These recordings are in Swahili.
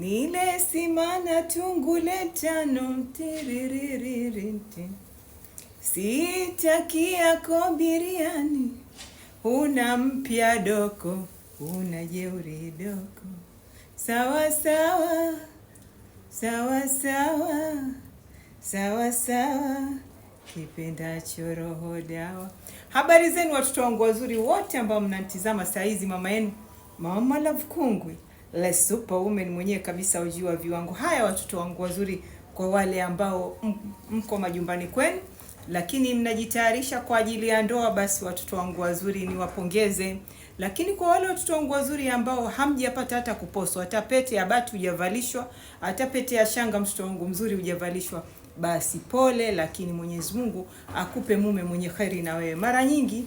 Nile simana tungule tano tiririririnti sitakia kobiriani una mpya doko una jeuri doko sawa sawa sawa sawa sawa sawa kipendacho roho dawa. Habari zenu watoto wangu wazuri wote ambao mnantizama saa hizi, mama yenu Mama Love Kungwi le superwoman mwenyewe kabisa ujua viwango. Haya watoto wangu wazuri, kwa wale ambao mko majumbani kwenu lakini mnajitayarisha kwa ajili ya ndoa, basi watoto wangu wazuri niwapongeze. Lakini kwa wale watoto wangu wazuri ambao hamjapata hata kuposwa, hata pete ya bati hujavalishwa, hata pete ya shanga, mtoto wangu mzuri, hujavalishwa, basi pole, lakini Mwenyezi Mungu akupe mume mwenye kheri na wewe. Mara nyingi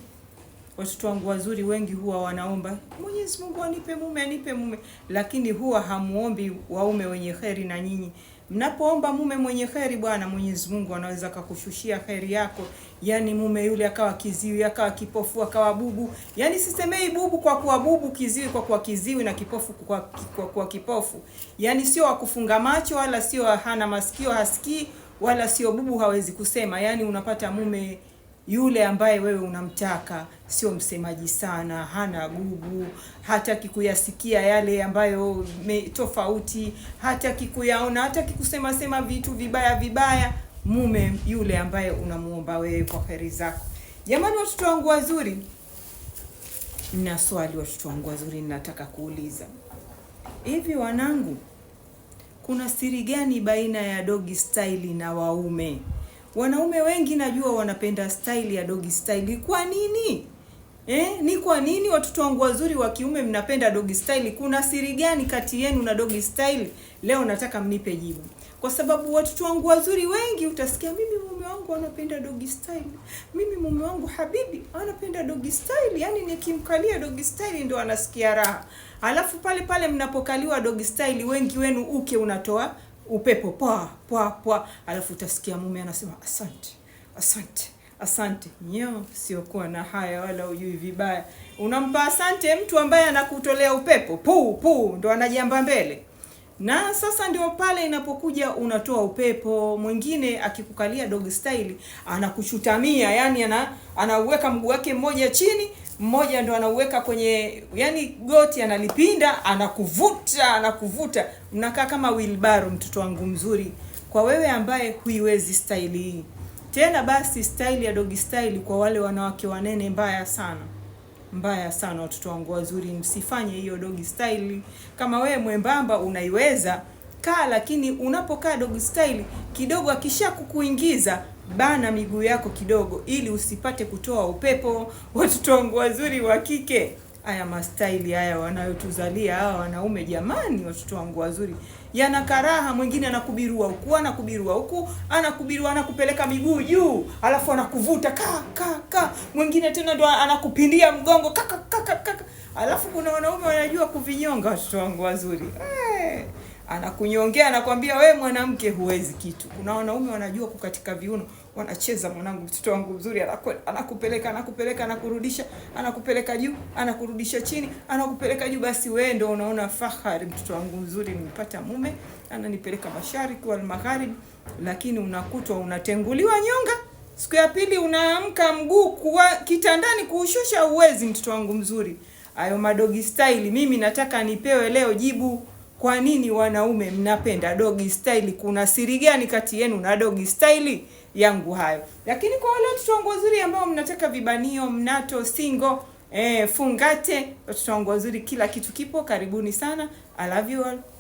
Watoto wangu wazuri wengi huwa wanaomba Mwenyezi Mungu anipe mume, anipe mume, lakini huwa hamuombi waume wenye kheri. Na nyinyi mnapoomba mume mwenye kheri, bwana Mwenyezi Mungu anaweza kakushushia kheri yako, yani mume yule akawa kiziwi, akawa kipofu, akawa bubu. Yani sisemei bubu kwa kuwa bubu, kiziwi kwa kuwa kiziwi, na kipofu kwa kwa kuwa kipofu. Yani sio wakufunga macho, wala sio hana masikio hasikii, wala sio bubu hawezi kusema. Yani unapata mume yule ambaye wewe unamtaka sio msemaji sana, hana gugu, hataki kuyasikia yale ambayo me, tofauti, hataki kuyaona, hataki kusema sema vitu vibaya vibaya. Mume yule ambaye unamuomba wewe kwa heri zako. Jamani, watoto wangu wazuri, na swali watoto wangu wazuri, ninataka kuuliza hivi, wanangu, kuna siri gani baina ya dogi style na waume? Wanaume wengi najua wanapenda style ya dogi style. Kwa nini? Eh, ni kwa nini watoto wangu wazuri wa kiume mnapenda dogi style? Kuna siri gani kati yenu na dogi style? Leo nataka mnipe jibu, kwa sababu watoto wangu wazuri wengi utasikia, mimi mume wangu anapenda dogi style, mimi mume wangu habibi anapenda dogi style. Yaani nikimkalia dogi style ndio anasikia raha, alafu pale pale mnapokaliwa dogi style, wengi wenu uke unatoa upepo pa pa pa, alafu utasikia mume anasema asante, asante, asante. Nyo siokuwa na haya wala ujui vibaya, unampa asante mtu ambaye anakutolea upepo puu puu, ndo anajamba mbele na sasa ndio pale inapokuja unatoa upepo. Mwingine akikukalia dog style anakuchutamia, yani ana- anauweka mguu wake mmoja chini mmoja ndo anauweka kwenye yani goti, analipinda, anakuvuta, anakuvuta, mnakaa kama wilbaro. Mtoto wangu mzuri, kwa wewe ambaye huiwezi staili hii tena, basi staili ya dogi staili kwa wale wanawake wanene, mbaya sana mbaya sana. Watoto wangu wazuri, msifanye hiyo dogi staili. Kama wewe mwembamba unaiweza kaa, lakini unapokaa dogi staili kidogo, akisha kukuingiza bana miguu yako kidogo, ili usipate kutoa upepo. Watoto wangu wazuri wa kike, haya mastaili haya wanayotuzalia hawa wanaume, jamani, watoto wangu wazuri, yana karaha. Mwingine anakubirua huku, anakubirua huku, anakubirua, anakupeleka miguu juu, alafu anakuvuta ka ka ka. Mwingine tena ndo anakupindia mgongo ka ka ka ka. Alafu kuna wanaume wanajua kuvinyonga, watoto wangu wazuri hey. Eh, anakunyongea, anakwambia we mwanamke huwezi kitu. Kuna wanaume wanajua kukatika viuno, wanacheza. Mwanangu, mtoto wangu mzuri, anakupeleka anakupeleka, anakurudisha, anakupeleka juu, anakurudisha chini, anakupeleka juu. Basi we ndo unaona fahari, mtoto wangu mzuri, nimepata mume ananipeleka mashariki wal magharibi, lakini unakutwa unatenguliwa nyonga. Siku ya pili unaamka mguu kuwa kitandani kuushusha, uwezi. Mtoto wangu mzuri, ayo madogi style, mimi nataka nipewe leo jibu. Kwa nini wanaume mnapenda dogi style? Kuna siri gani kati yenu na dogi style yangu hayo? Lakini kwa wale watoto wangu wazuri ambao mnataka vibanio, mnato, singo, eh, fungate, watoto wangu wazuri, kila kitu kipo. Karibuni sana. I love you all.